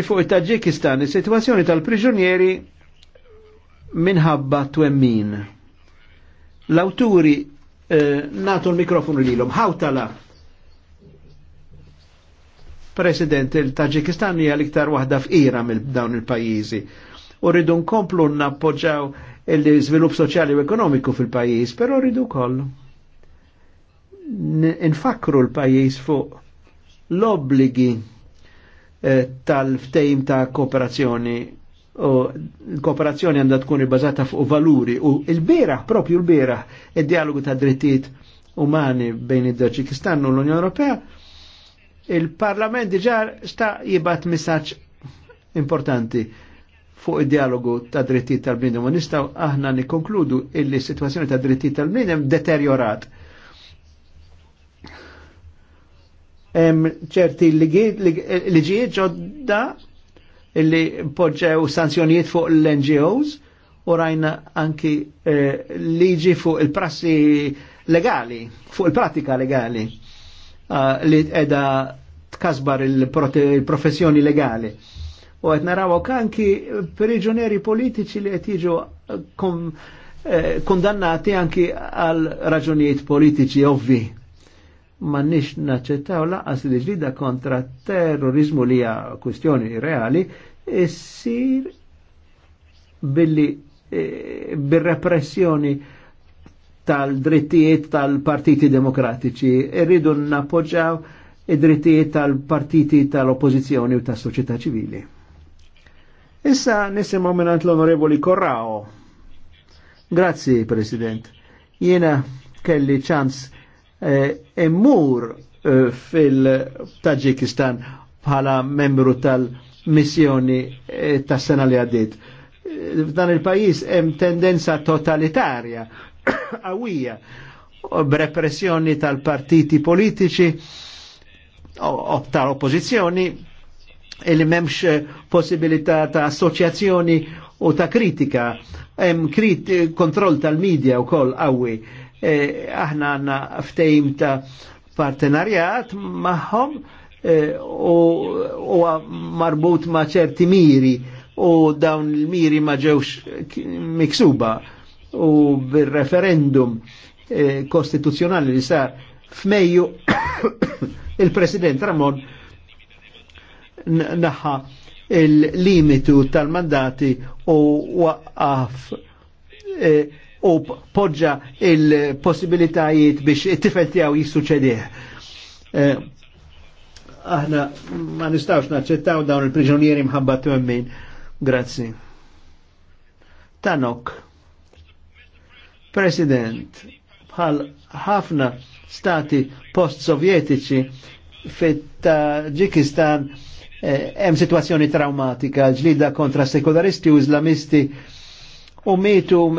fuq it-Taġikistan, is-sitwazzjoni tal-priġunieri minħabba twemmin. L-awturi eh, natu l-mikrofonu lilhom. Hawtala. President, il-Taġikistan hija l-iktar waħda f'ira mill dawn il-pajjiżi. U rridu nkomplu nappoġġaw l-iżvilupp soċjali u ekonomiku fil-pajjiż, però rridu koll. Nfakru l-pajjiż fuq l-obbligi Eh, tal-ftejm ta' kooperazzjoni u l-kooperazzjoni għandha tkun ibbażata fuq valuri u l beraħ propju l-beraħ, id-dialogu ta' drittijiet umani bejn id-Taġikistan u l-Unjoni Ewropea, il-Parlament diġà sta jibat messaġġ importanti fuq id-dialogu ta' drittijiet tal-bnidem u nistaw aħna nikkonkludu illi situazzjoni ta' drittijiet tal-bnidem deteriorat ċerti liġijiet ġodda illi poġġew sanzjonijiet fuq l-NGOs u rajna anki eh, liġi fuq il-prassi legali, fuq il-pratika legali eh, li edha tkasbar il-professjoni legali. U għet naraw anki priġunieri politiċi li għet jiġu eh, kondannati anki għal raġunijiet politiċi ovvi ma nix naċċettaw laqas li ġida kontra terrorizmu li hija kwistjoni reali issir billi e, bil repressjoni tal-drittijiet tal-partiti demokratiċi. Irridu nappoġġaw id-drittijiet tal-partiti tal-oppozizjoni u tas-soċjetà ċivili. Issa nisimgħu minant l-Onorevoli Corrao. Grazzi, President. Jiena kelli ċans Eh, immur eh, fil-Taġikistan bħala membru tal-missjoni eh, tas sena li għaddit. Dan il-pajis hemm tendenza totalitarja għawija, b'repressjoni tal-partiti politiċi o tal-oppożizzjoni li memx possibilità ta' assoċjazzjoni u ta' kritika, hemm krit kontroll tal-medja u koll qawwi E, aħna għanna ftejim ta' partenarjat maħħom e, u marbut ma' ċerti miri u dawn il-miri ma ġewx miksuba u bil-referendum e, kostituzjonali li sar f'Mejju il-President Ramon naħħa il-limitu tal-mandati u waqqaf u podġa il-possibilitajiet biex it-tifel tijaw jissuċedih. Eh, aħna ma nistawx naċċettaw dawn il-priġonieri mħabba t-għemmin. Grazzi. Tanok. President, bħal ħafna stati post-sovjetiċi fit-Ġikistan eh, hemm situazzjoni traumatika, ġlida kontra sekolaristi u islamisti u mitu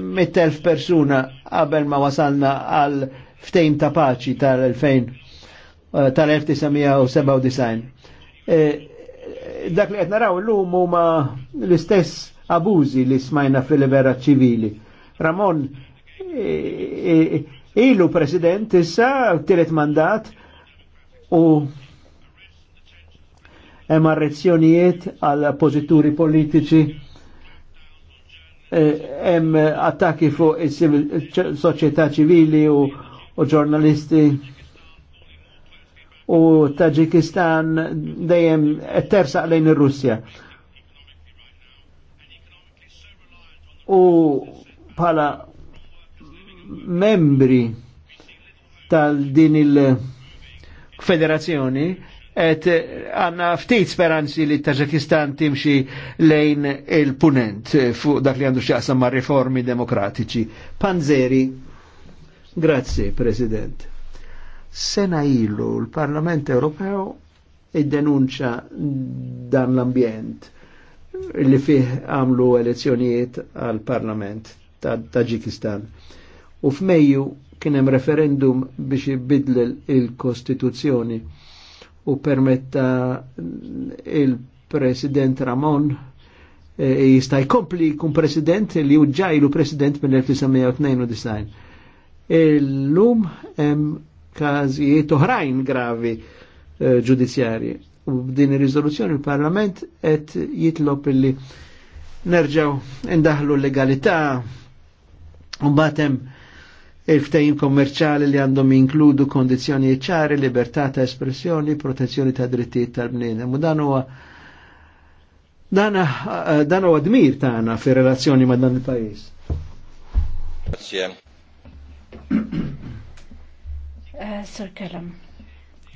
mit-telf persuna qabel ma wasalna għal ftejm ta' paċi tal-2000 eh, tal-1997. Eh, dak li qed naraw u huma l-istess abużi li smajna fil-libera ċivili. Ramon eh, ilu president issa tiret mandat u hemm arrezzjonijiet għal pożitturi politiċi Eh, hemm eh, attakki fuq is-soċjetà ċivili u, u ġurnalisti u Taġikistan dejjem tersaq lejn ir-Russja. U bħala membri tal din il-federazzjoni et għanna ftit speranzi li Taġikistan timxi lejn il-punent fuq dak li għandu xaqsam ma' riformi demokratiċi. Panzeri, grazie President. Sena ilu l-Parlament Ewropew id-denunċa dan l-ambjent li fih għamlu elezzjonijiet għal-Parlament ta' Taġikistan. U f'Mejju kien hemm referendum biex jibidl il kostituzzjoni u permetta il-President Ramon e, e jista' jkompli kun President li uġġajlu President mill-1992. Illum hemm każijiet oħrajn gravi e, ġudizzjarji. U b'din ir-riżoluzzjoni il-Parlament qed jitlob illi nerġgħu ndaħlu l-legalità u mbagħad il-ftejn kommerċali li għandhom jinkludu kondizjoni ċari, libertà ta' espressjoni, protezzjoni ta' drittijiet tal-bniedem. dan huwa eh, dan huwa dmir tagħna fir relazzjoni ma' dan il-pajjiż. Eh, Sir Kellem,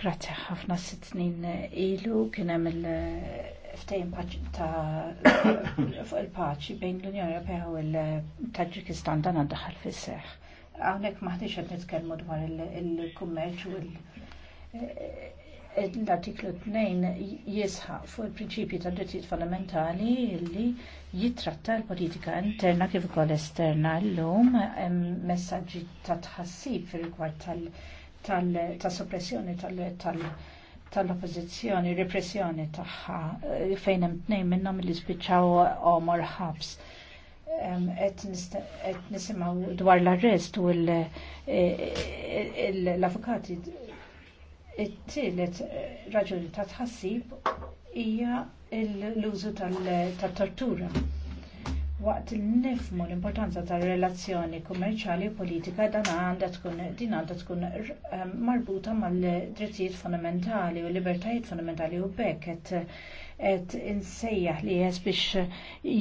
grazie ħafna sitt snin ilu kien hemm il- eh, ftejn ta' fuq il-paċi bejn l-Unjoni Ewropea u l-Taġikistan dan għaddaħal fis-seħħ. Għawnek maħdix għed nitkelmu dwar il-kummerċ u l-artiklu 2 jisħaq fuq il-prinċipji ta' drittijiet fondamentali li jitratta l-politika interna kif ukoll esterna llum hemm messaġġi ta' tħassib fir-rigward tal-suppressjoni tal-oppożizzjoni, repressjoni tagħha eh, fejn hemm tnejn minnhom li spiċċaw omor ħabs qed nisimaw dwar l-arrest u e, e, l-avukati it-tielet raġuni ta' tħassib hija l-użu tal-tortura. Waqt nifmu l-importanza tal-relazzjoni kummerċali u politika dan għandha tkun din għandha tkun marbuta mal-drittijiet fondamentali u l-libertajiet fondamentali u bekk et insejjaħ li jes biex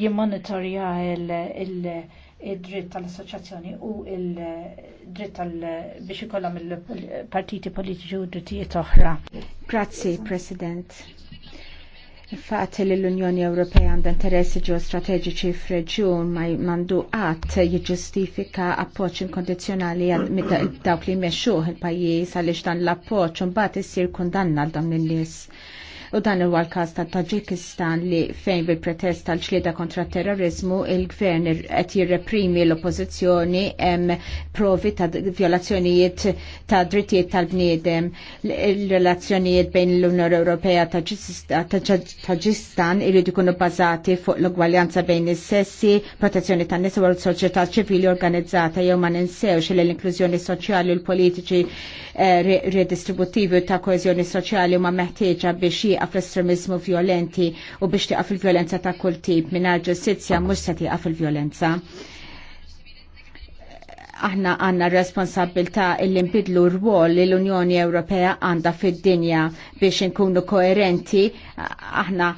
jimmonitorja il-dritt tal-assoċjazzjoni u il-dritt tal biex ikollhom il-partiti politiċi u drittijiet oħra. Grazzi, President. Fatt li l-Unjoni Ewropea għandha interessi ġew strateġiċi f'reġjun ma mandu qatt jiġġustifika appoġġ inkondizzjonali għal dawk li jmexxuh il-pajjiż għaliex dan l-appoġġ u mbagħad issir kundanna għal dawn in-nies. U dan huwa l-każ ta' Taġikistan li fejn bil-pretest tal-ċlieda kontra terrorizmu il-gvern qed jirreprimi l-oppożizzjoni hemm provi ta' violazzjonijiet ta' drittijiet tal-bniedem, il-relazzjonijiet bejn l-Unjoni Ewropea Taġikistan irridu jkunu bażati fuq l-ugwaljanza bejn is-sessi, protezzjoni tan-nies u l-soċjetà ċivili organizzata jew ma ninsewx li l-inklużjoni soċjali u l-politiċi eh, redistributivi ta' koezjoni soċjali ma meħtieġa biex tieqaf l-estremizmu violenti u biex tieqaf il-violenza ta' kull tip mingħajr ġustizzja mhux se tieqaf il-violenza. Aħna għandna responsabilta illi nbidlu r-wol li l-Unjoni Ewropea għandha fid-dinja biex inkunu koerenti aħna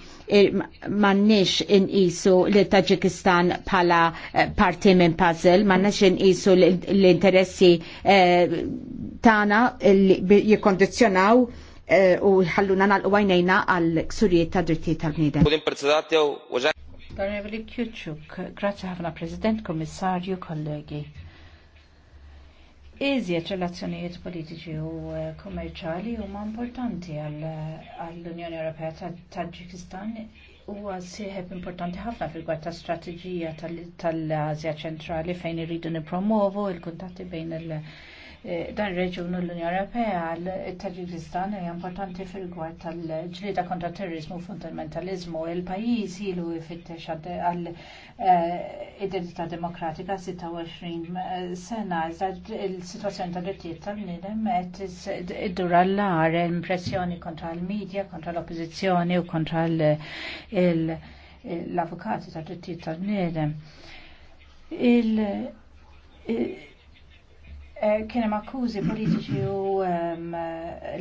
mannix inqisu li Taġikistan pala eh, parti minn puzzle, mannix inqisu l-interessi eh, tana li jikondizjonaw Eh, u ħalluna nal għajnejna għal ksurijiet ta' dritti tal-bnidem. Onorevoli Kjuċuk, grazie ħafna President, Komissarju, kollegi. Iżjed relazzjonijiet politiċi u eh, kommerċali huma importanti għall-Unjoni Ewropea ta' ġikistan u għasieħeb importanti ħafna fil ta' strategija tal-Azja ċentrali fejn irridu nipromovu il-kuntatti bejn il- Eh, dan reġun l-Unjoni Ewropea l-Taġikistan hija importanti fil-gwar tal-ġlida kontra terrorizmu fundamentalizmu il-pajjiż ilu jfittex għal eh, identità demokratika 26 eh, sena iżda il-sitwazzjoni ta' drittijiet tal-bniedem qed iddur għall-ar impressjoni kontra l-medja, kontra l-oppożizzjoni u kontra l-avukati ta' drittijiet tal-bniedem. Eh, kienem akkużi politiċi u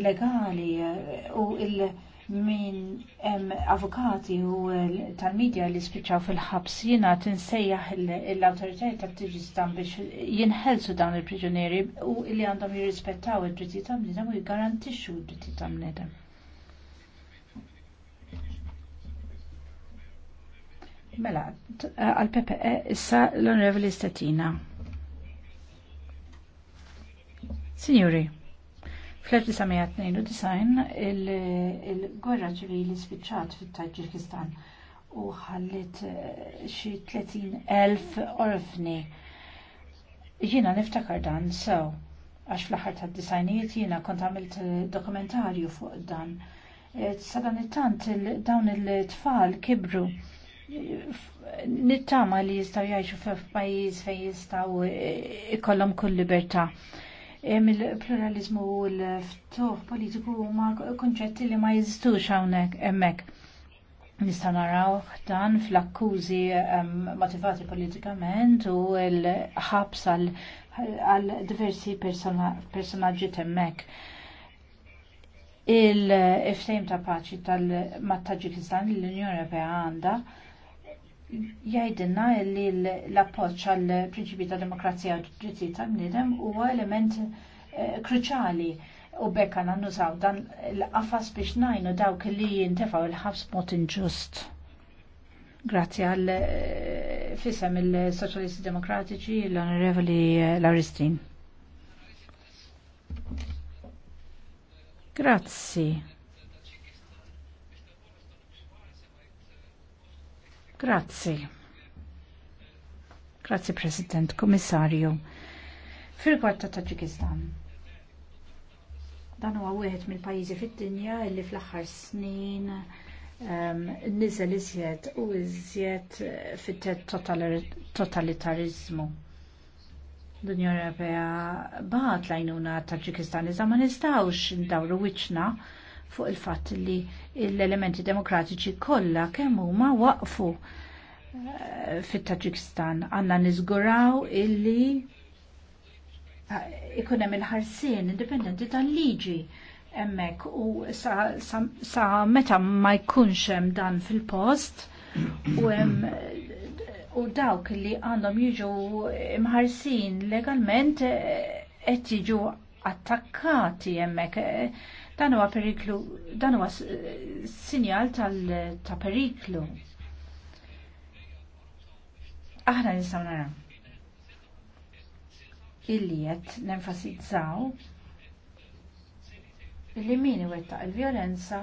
legali eh, u il- minn avukati u eh, tal-medja li spiċaw fil-ħabs jina tinsejjaħ l-autoritajiet tal stan biex jinħelsu dawn il-priġunieri u li għandhom jirrispettaw id-dritti tal-bnidem u jgarantixxu id-dritti tal-bnidem. Mela, għal-PPE issa l-Onorevoli Statina. Signori, fl-1992 il-gwerra ċivili spiċċat fit-Taġikistan u ħallit eh, xi 30,000 orfni. Jiena niftakar dan sew, għax fl-aħħar tad-disajnijiet jiena kont għamilt eh, dokumentarju fuq dan. Eh, Sadan it-tant dawn il-tfal kibru nittama li jistaw jgħajxu f'pajjiż fejn jistaw ikollhom kull libertà il-pluralizmu u l-ftuħ politiku huma konċetti li ma jeżistux hawnhekk hemmhekk. Nista' naraw dan fl-akkużi ehm, motivati politikament u l-ħabs għal diversi personaġġi temmek il-ftejm ta' paċi tal mat l-Unjoni Ewropea għandha jgħidilna li l-appoġġ għall prinċipji ta' demokrazija u drittijiet ta' bniedem huwa element eh, kruċali u bekk għandna nużaw dan l-qafas biex ngħinu dawk li jintefgħu il-ħabs mod inġust. Grazzi għal eh, fisem il-Soċjalisti Demokratiċi l-Onorevoli eh, Lauristin. Grazzi. Grazzi. Grazzi President, Komissarju. Fil-kwart ta' Taġikistan. Dan huwa wieħed mill-pajjiżi fid-dinja li fl-aħħar snin um, ehm, niżel iżjed u iżjed fit-tet totalitarizmu. L-Unjoni Ewropea bagħat lajnuna Taġikistan iżda ma nistgħux ndawru wiċċna fuq il-fatt li l-elementi demokratiċi kollha kemm huma waqfu eh, fit-Taġikistan għandna niżguraw illi eh, ikun hemm il-ħarsien indipendenti tal-liġi hemmhekk u sa, meta ma jkunx hemm dan fil-post u hemm u dawk li għandhom jiġu imħarsin legalment eh, qed jiġu attakkati hemmhekk Dan huwa periklu, dan huwa sinjal ta' periklu. Aħna nistgħu nara. Illi qed nenfasizzaw li min iwettaq il-vjolenza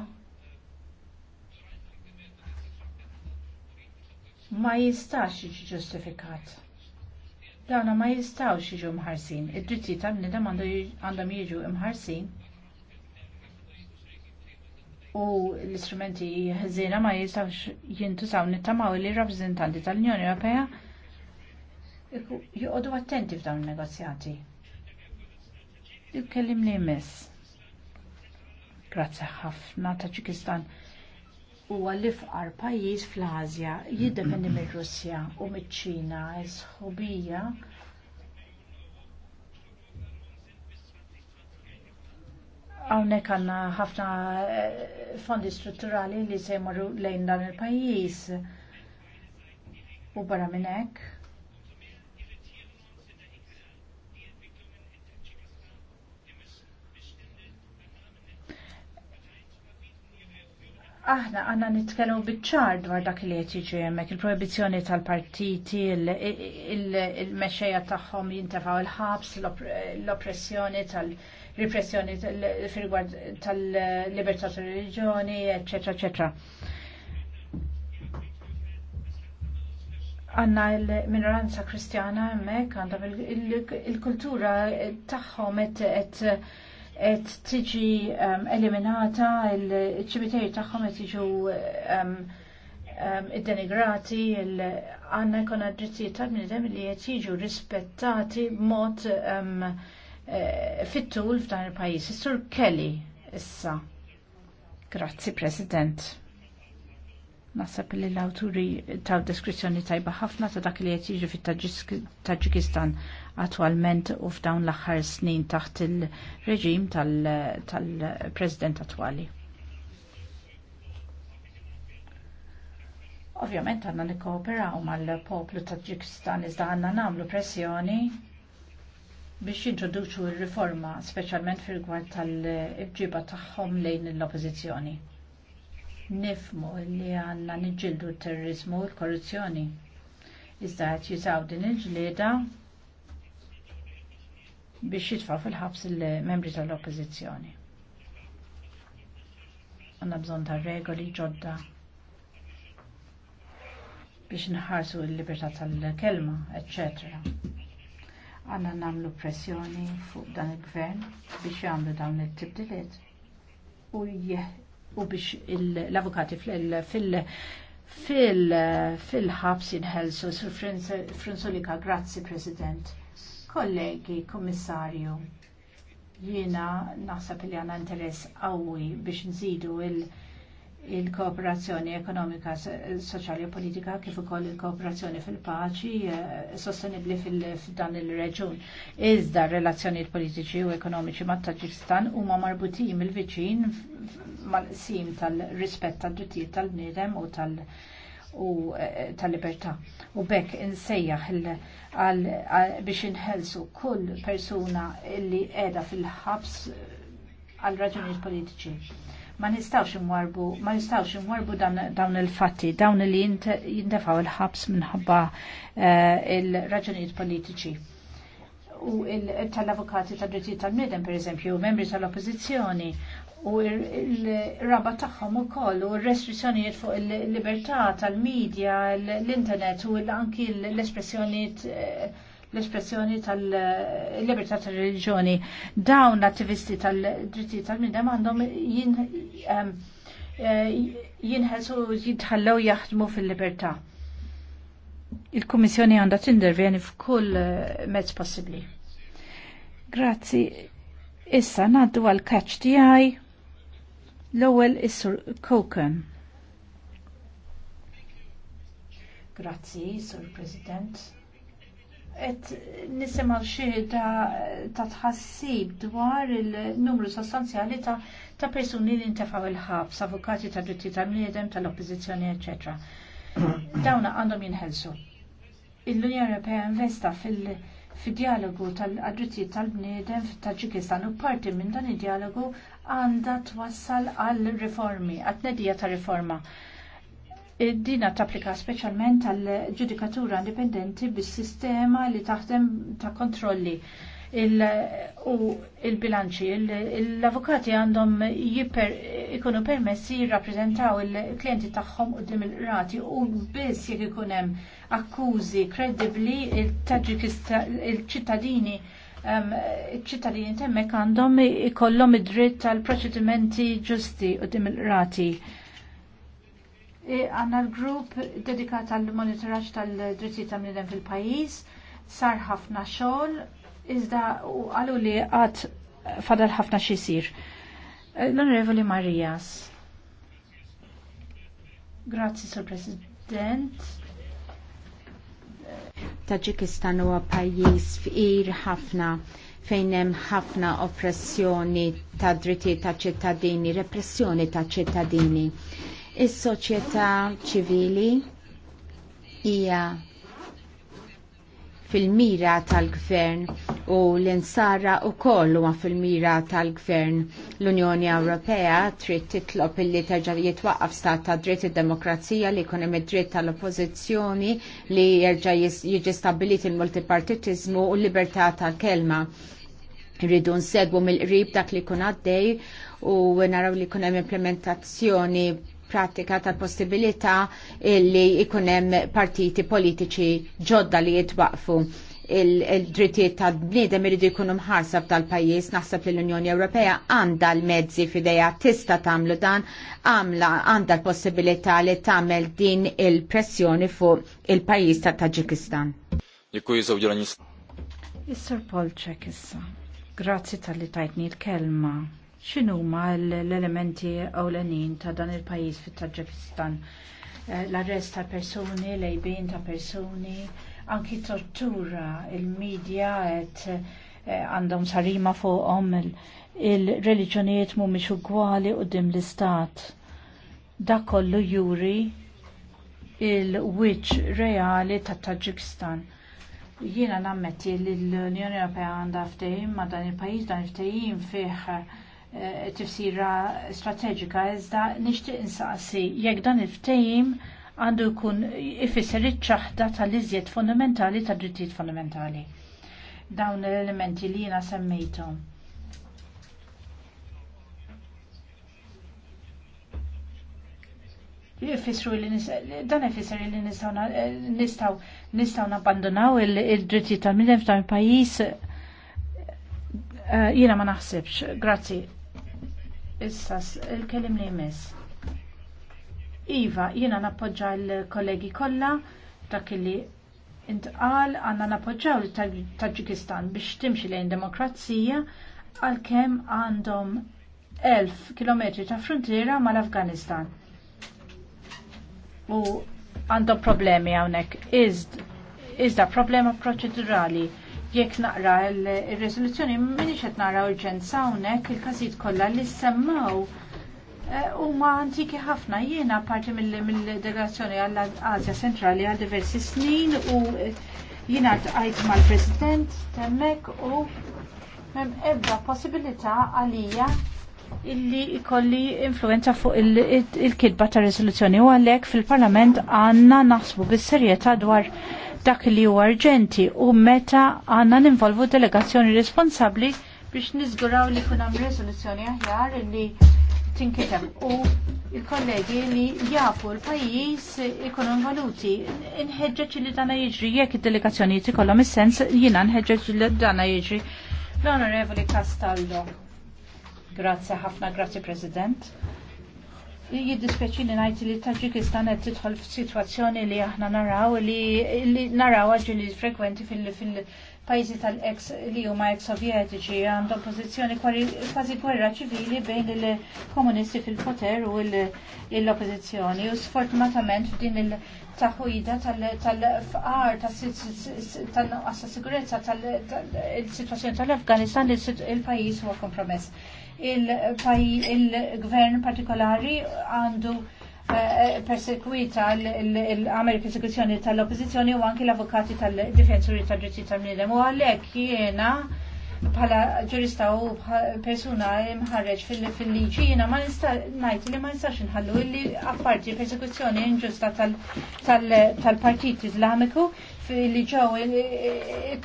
ma jistax jiġi ġustifikat. Dawna ma jistax jiġu mħarsin. Id-dritti tal-nidem għandhom jiġu mħarsin u l-istrumenti ħżina ma jistawx jintużaw nittamaw li rappresentanti tal-Unjoni Ewropea juqodu attenti f'dawn il-negozjati. Ikkellim li jmiss. Grazzi ħafna Taġikistan huwa għallif għar pajjiż fl azja jiddependi mir-Russja u miċ-Ċina, jisħobija. Għawnek għanna ħafna eh, fondi strutturali li se jmorru lejn dan il-pajis. U barra minnek, Aħna għanna nitkellmu biċ dwar dak li qed jiġi hemmhekk il-proibizzjoni tal-partiti, il-mexxejja tagħhom jintefgħu il-ħabs, l-oppressjoni tal ripressjoni fil-rigward tal-libertà tar reliġjoni eċetera, eċetera. Għanna l minoranza kristjana hemmhekk għandha il-kultura tagħhom qed et tiġi um, eliminata il-ċimitieri tagħhom qed jiġu um, um, id-denigrati għandna jkun għad-drittijiet tal bnidem li qed jiġu rispettati mod eh, fit-tul f'dan il-pajjiż. Sur Kelly issa. Grazzi President. Nasab li l-awturi ta' deskrizzjoni tajba ħafna ta' dak li qed jiġi fit-Taġikistan attualment u f'dawn l-aħħar snin taħt il-reġim tal-president tal attuali. Ovvjament għanna nikkooperaw mal-poplu ta' Ġikistan iżda għanna namlu pressjoni biex jintroduċu il-riforma, specialment fil-gwad tal-ibġiba tagħhom lejn l-oppozizjoni. Nifmu li għanna nġildu terrorizmu u l-korruzzjoni. Iżda għet jużaw din il-ġleda biex jitfaw fil-ħabs il-membri tal-oppozizjoni. Għanna bżon ta' regoli ġodda biex nħarsu il-libertà tal-kelma, etc. Għanna namlu pressjoni fuq dan il-gvern biex jgħamlu dawn il-tibdiliet u u biex l-avukati fil-ħabs jinħelsu. Sur Frunzolika, grazzi, President. Kollegi, Kommissarju, jiena naħseb li għandna interess qawwi biex nżidu il-kooperazzjoni ekonomika, soċjali u politika kif ukoll il-kooperazzjoni fil-paċi eh, sostenibbli fil-dan il-reġun. Iżda relazzjonijiet politiċi u ekonomiċi ma' taġikistan huma marbutin mill-viċin mal-qsim tal-rispett tad-drittijiet tal-bniedem u tal-, -tal, -tal, -tal u eh, eh, tal-libertà. U bekk insejjaħ biex inħelsu kull persuna li qiegħda fil-ħabs eh, għal raġunijiet politiċi. Ma nistawx imwarbu, ma nistawx imwarbu dawn il-fatti, dawn li jindefaw il-ħabs minħabba il-raġunijiet politiċi u tal-avukati tad drittijiet tal-medem, per eżempju, membri tal-oppozizjoni u il-raba tagħhom ukoll u r-restrizzjonijiet fuq il-libertà tal-medja, l-internet u anki l-espressjonijiet l-espressjoni tal-libertà tal-reliġjoni. Dawn l-attivisti tal-dritti tal-midem għandhom eh, jinħelsu jitħallew jaħdmu fil-libertà il-Kummissjoni għandha tindervjeni f'kull eh, mezz possibbli. Grazzi. Issa naddu għal kaċ tiegħi l-ewwel is-Sur Koken. Grazzi, Sur President. Et nisimaw xi ta' tħassib dwar il-numru sostanzjali ta' ta' persuni li ntefaw il-ħabs, avukati ta' dritti tal-bniedem, tal-oppozizjoni, eccetera Dawna għandhom jinħelsu. Il-Unjoni Ewropea investa fil- fid-dialogu tal-drittijiet tal-bniedem fit-Taġikistan u parti minn dan id-dialogu għandha twassal għal riformi, għat tnedija ta' riforma. Dina tapplika speċjalment għal ġudikatura indipendenti bis-sistema li taħdem ta' kontrolli u il-bilanċi. L-avukati għandhom ikunu permessi jirrappreżentaw il-klienti tagħhom dim il-rati u biss jekk ikun hemm akkużi kredibbli il-ċittadini ċittadini temmek għandhom ikollhom id-dritt tal proċedimenti ġusti dim il-rati. E, għanna l-grupp dedikat għal monitoraġġ tal-dritti tal-bniedem fil-pajjiż sar ħafna xogħol Iżda u għalu li għat fadal ħafna xisir. Eh, L-Onorevoli Marijas. Grazzi, Sir President. Taġikistan huwa pajjiż fqir ħafna fejn hemm ħafna oppressjoni ta' drittijiet ta' ċittadini, repressjoni ta' ċittadini. Is-soċjetà ċivili hija fil-mira tal-gvern u l-insara u koll huwa fil-mira tal-gvern. L-Unjoni Ewropea trid titlob illi terġa' jitwaqqaf stat ta' dritt id-demokrazija li jkun hemm id-dritt tal-oppożizzjoni li jerġa' jiġi stabbilit il-multipartitiżmu u l-libertà tal-kelma. Rridu nsegwu mill-qrib dak li jkun għaddej u naraw li jkun hemm implementazzjoni pratika tal-possibilità li jkun hemm partiti politiċi ġodda li jitwaqfu il drittiet tal bniedem iridu jkunu mħarsab tal-pajjiż naħseb li l-Unjoni Ewropea għandha l-mezzi f'idejha tista' tagħmlu dan għamla għandha l-possibilità li tagħmel din il-pressjoni fuq il-pajjiż ta' Taġikistan. Is-Sir Polczek issa. Grazzi tal-li tajtni l-kelma. X'inhuma l-elementi ewlenin ta' dan il-pajjiż fit-Taġikistan? Eh, l-arrest ta' persuni, lejbin ta' persuni, anki tortura il-medja et eh, għandhom sarima fuqhom il-reliġjonijiet mhumiex ugwali qudiem l-istat. Dak kollu juri il-wiċċ reali ta' taġikistan jiena nammetti li l-Unjoni Ewropea għandha ftehim ma' dan il-pajjiż dan ftehim fih eh, tifsira strateġika iżda nixtieq insaqsi jekk dan il-ftehim għandu jkun ifisser iċ-ċaħda tal-iżjed fundamentali tad drittijiet fundamentali. Dawn l-elementi li jiena semmejtu. Jifisru li dan ifisser li nistaw nistaw nabbandonaw il drittijiet tal-midem f'dan il-pajis eh, jiena ma naħsibx. Grazzi. Issa, il-kelim li jmiss. Iva, jiena nappoġġa l-kollegi kollha dak li intqal għandna nappoġġaw l-Taġikistan biex timxi lejn demokrazija għalkemm għandhom 1000 km ta' frontiera mal-Afganistan. U għandhom problemi hawnhekk. iżda problema proċedurali jekk naqra l rezoluzzjoni minix qed nara urġenza hawnhekk il-każijiet kollha li semmaw Eh, huma antiki ħafna. Jiena parti mill-delegazzjoni għall-Azja Centrali għal diversi snin u eh, jiena għajt mal-President temmek u mem ebda possibilità għalija illi ikolli influenza fuq il-kidba ta' rezoluzzjoni u għalek fil-parlament għanna naħsbu bis-serjetà dwar dak li huwa arġenti u meta għanna ninvolvu delegazzjoni responsabli biex nizguraw li kunam hemm rezoluzzjoni aħjar illi tinkitem u il-kollegi li jafu l-pajis ikunu valuti. Nħedġeċ li dana jiġri, jekk il-delegazzjoni tikollom il-sens, jina nħedġeċ li dana jiġri. L-Onorevoli Castaldo. Grazie ħafna, grazie President jiddispeċi li najti li Taġikistan qed tidħol f'sitwazzjoni li aħna naraw li, naraw li frekwenti fil-, fil pajjiżi tal-ex li huma ex sovjetiċi għandhom pożizzjoni kważi gwerra ċivili bejn il-komunisti fil-poter u l-oppożizzjoni. U sfortunatament f'din il-taħwida tal-fqar, tal sigurezza tal-situazzjoni tal-Afganistan il-pajjiż huwa kompromess. Il-gvern partikolari għandu persekwita l-għamer persekuzzjoni tal-oppozizjoni u anki l-avukati tal-difensuri tal-ġusti tal mnidem U għalhekk jiena bħala ġurista u persuna mħarreġ fil-liġi jena ma nista' ngħid li ma nistax inħallu illi apparti persekuzzjoni inġusta tal-Partit fil li ġew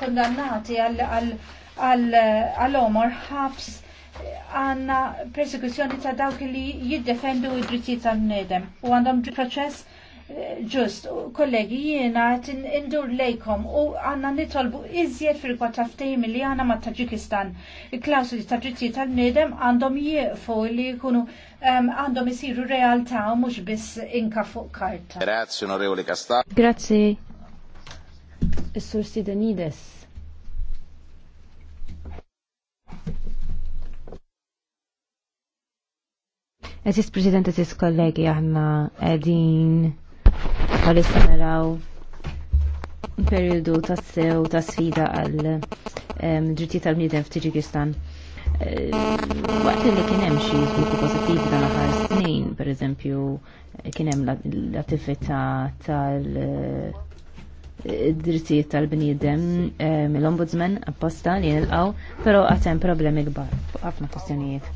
kondannati għall-omor ħabs għanna persekuzjoni ta' dawk li jiddefendu id-drittijiet tal-nedem u għandhom proċess eh, ġust. Kollegi, jiena indur lejkom u għanna nitolbu iżjed fil-kwad taftej li għanna ma' Taġikistan. Il-klausuli ta' drittijiet tal-nedem għandhom jiefu li jkunu għandhom isiru realtà u mux biss inka fuq karta. Grazie, onorevoli Kastan. Grazie. Is-sur Sidenides. Eżis President, eżis kollegi, aħna edin għalissa naraw periodu ta' sew ta' sfida għal ġritti tal-bniedem f'Tiġikistan. Eh, waqt li kien hemm xi żviluppi pożittivi dan aħħar snin, pereżempju kien hemm l-attività tal- eh, drittijiet tal-bniedem mill-ombudsman apposta li nilqaw, pero għatem problemi kbar ħafna kwestjonijiet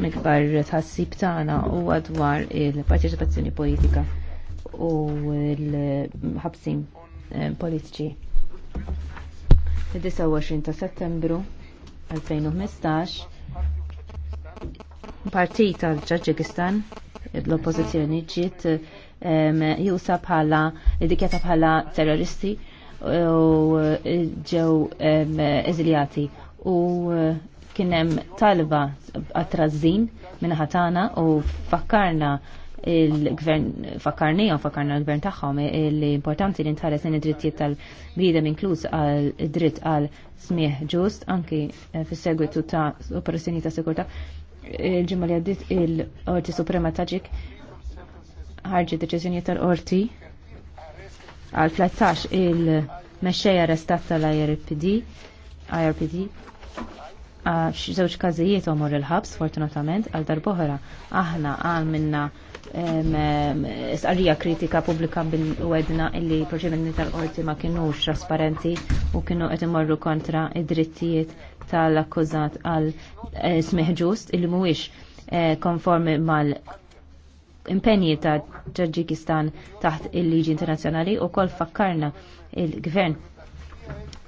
mikbar tħassib tagħna huwa dwar il-parteċipazzjoni politika u l-ħabsin eh, politiċi. fid 29 ta' Settembru 2015 partit tal-Ġaġikistan l-oppożizzjoni ġiet jusa bħala dikjata bħala terroristi u ġew eżiljati u kienem talba għat-trażin minna ħatana u fakkarna il-gvern fakkarni u fakkarna l-gvern tagħhom l-importanti li nħares in id-drittijiet tal bidem inkluż għal dritt għal smieħ ġust anki eh, fis-segwitu ta' operazzjoni ta' sekurta Il-ġimgħa li għaddiet il-Qorti Suprema Taġik ħarġi deċiżjoni tal-Qorti għal 13 il-mexxejja arrestat tal-IRPD IRPD għax żewġ każijiet omor il-ħabs fortunatament għal darbohra aħna għal minna istqarrija kritika pubblika bil wedna illi proċedimenti tal-qorti ma kienux trasparenti u kienu qed imorru kontra id-drittijiet tal-akkużat għal eh, smih ġust illi mhuwiex eh, konformi mal impenji ta' Ġaġikistan taħt il-liġi internazzjonali u kol fakkarna il-gvern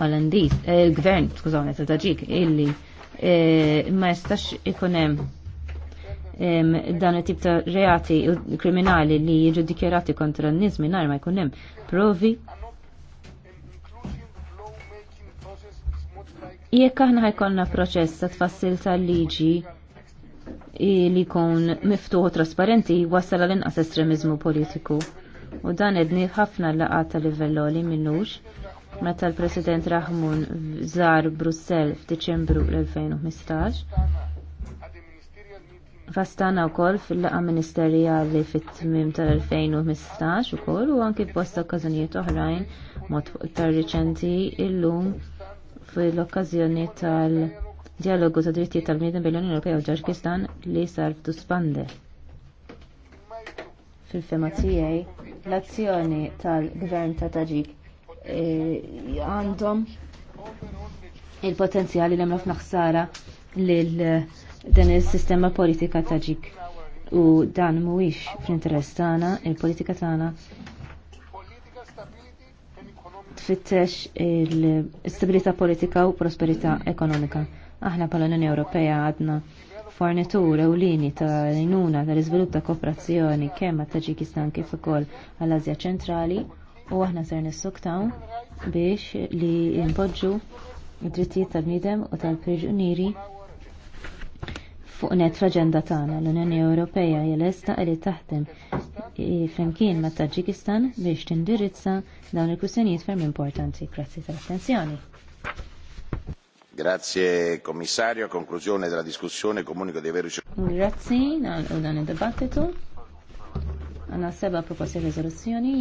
Olandiż, eh, il-gvern, skużawni, ta' Ġaġik, illi Eh, ma jistax ikun hemm dan it-tip ta' reati kriminali li jiġu dikjerati kontra n-nies mingħajr ma jkun hemm provi. Jekk aħna ħajkonna proċess ta' tfassil tal-liġi li jkun miftuħ u trasparenti wasal għal inqas estremizmu politiku. U dan edni ħafna laqgħat ta' livell li minnux meta l-President Rahmun żar Brussell f'Diċembru l-2015. Fastana wkoll fil-laqa ministerjali fit-tmim tal-2015 ukoll u anki f'bosta okkażjonijiet oħrajn mod tar riċenti illum fil-okkażjoni tal-dialogu ta' drittijiet tal-bniedem bil-Unjoni Ewropea u Ġarkistan li sar Tuspande. fil-fema tiegħi l-azzjoni tal-gvern ta' Taġik Eh, għandhom il-potenzjali li mlaf naħsara lil eh, dan il-sistema politika ta'ġik. U dan mhuwiex fl-interess tagħna, il-politika tagħna tfittex il-stabilità politika u prosperità ekonomika. Aħna pala l-Unjoni Ewropea għadna fornitur lini ta' l-inuna tal-iżvilupp ta' kooperazzjoni kemm għat-Taġikistan kif ukoll għall azja ċentrali u aħna ser nissuktaw biex li npoġġu id-drittijiet tal bnidem u tal-priġunieri fuq net fl-aġenda tagħna l-Unjoni Ewropea jelesta li taħdem flimkien ma' taġikistan biex tindirizza dawn il-kwistjonijiet ferm importanti. Grazzi tal-attenzjoni. Grazie commissario, a conclusione della discussione comunico di aver ricevuto. Grazie, dan id-dibattitu. Għanna seba proposti risoluzzjoni.